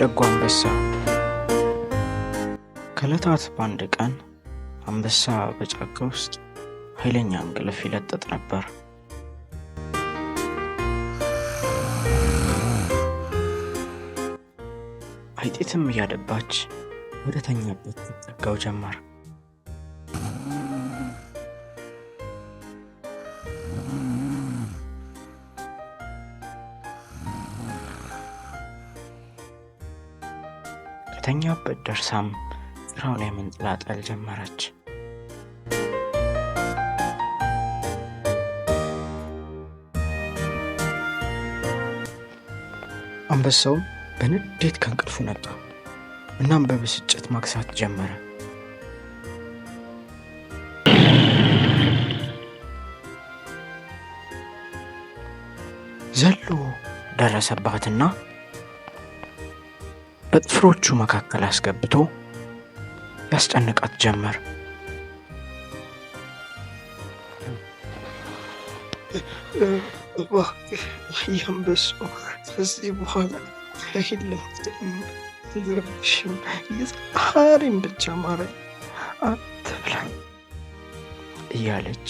ደጉ አንበሳ። ከለታት በአንድ ቀን አንበሳ በጫካ ውስጥ ኃይለኛ እንቅልፍ ይለጠጥ ነበር። አይጤትም እያደባች ወደ ተኛበት ትጠጋው ጀመር። ከተኛበት ደርሳም ጥራው ላይ መንጠላጠል ጀመረች። አንበሳውም በንዴት ከእንቅልፉ ነጣ እናም በብስጭት ማግሳት ጀመረ። ዘሎ ደረሰባትና በጥፍሮቹ መካከል አስገብቶ ያስጨንቃት ጀመር። የአንበሳው ከዚህ በኋላ ብቻ ማረ አትብላ እያለች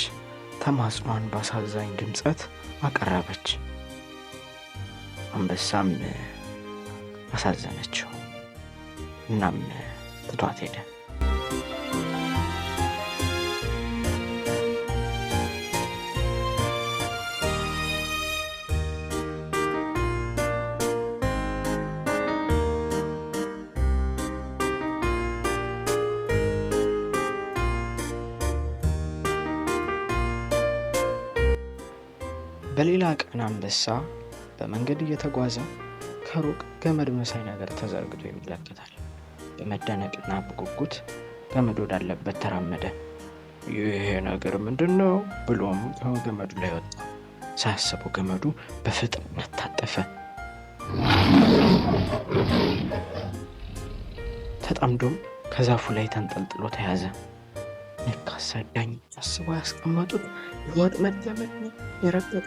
ተማጽኗን በአሳዛኝ ድምፀት አቀረበች። አንበሳም አሳዘነችው። እናም ትቷት ሄደ። በሌላ ቀን አንበሳ በመንገድ እየተጓዘ ከሩቅ ገመድ መሳይ ነገር ተዘርግቶ ይመለከታል። በመደነቅና በጉጉት ገመድ ወዳለበት ተራመደ። ይሄ ነገር ምንድን ነው ብሎም ከገመዱ ላይ ወጣ። ሳያስበው ገመዱ በፍጥነት ታጠፈ። ተጣምዶም ከዛፉ ላይ ተንጠልጥሎ ተያዘ። ልክ አሳዳኝ አስበው ያስቀመጡት የወጥመድ ለመድ የረገጡ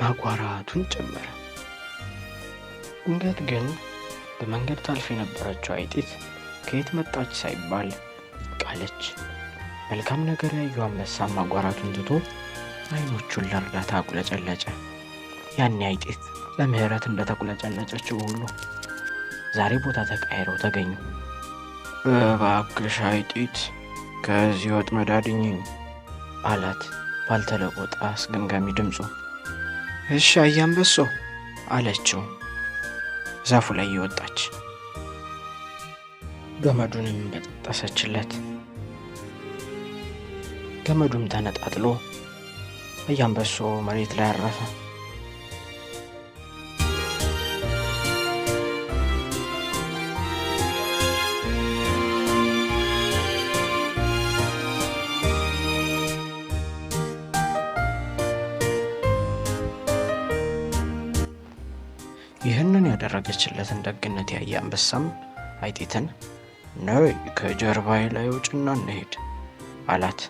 ማጓራቱን ጨመረ። በድንገት ግን በመንገድ ታልፍ የነበረችው አይጢት ከየት መጣች ሳይባል ቃለች። መልካም ነገር ያዩ አንበሳ ማጓራቱን ትቶ አይኖቹን ለእርዳታ አቁለጨለጨ። ያኔ አይጢት ለምህረት እንደተቁለጨለጨችው ሁሉ ዛሬ ቦታ ተቃይረው ተገኙ። እባክሽ አይጢት ከዚህ ወጥ መዳድኝ አላት ባልተለቆጣ አስገምጋሚ ድምፁ። እሺ አያንበሶ አለችው። ዛፉ ላይ ይወጣች ገመዱንም በጠጠሰችለት። ገመዱም ተነጣጥሎ እያንበሶ መሬት ላይ አረፈ። ይህንን ያደረገችለትን ደግነት ያየ አንበሳም አይጢትን ነይ ከጀርባዬ ላይ ውጭና እንሄድ አላት።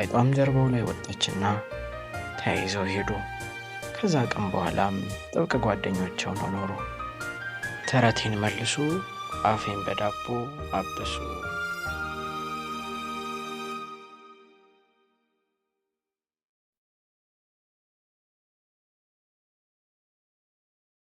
አይጧም ጀርባው ላይ ወጣችና ተያይዘው ሄዱ። ከዛ ቀን በኋላም ጥብቅ ጓደኞች ሆነው ኖሩ። ተረቴን መልሱ፣ አፌን በዳቦ አብሱ።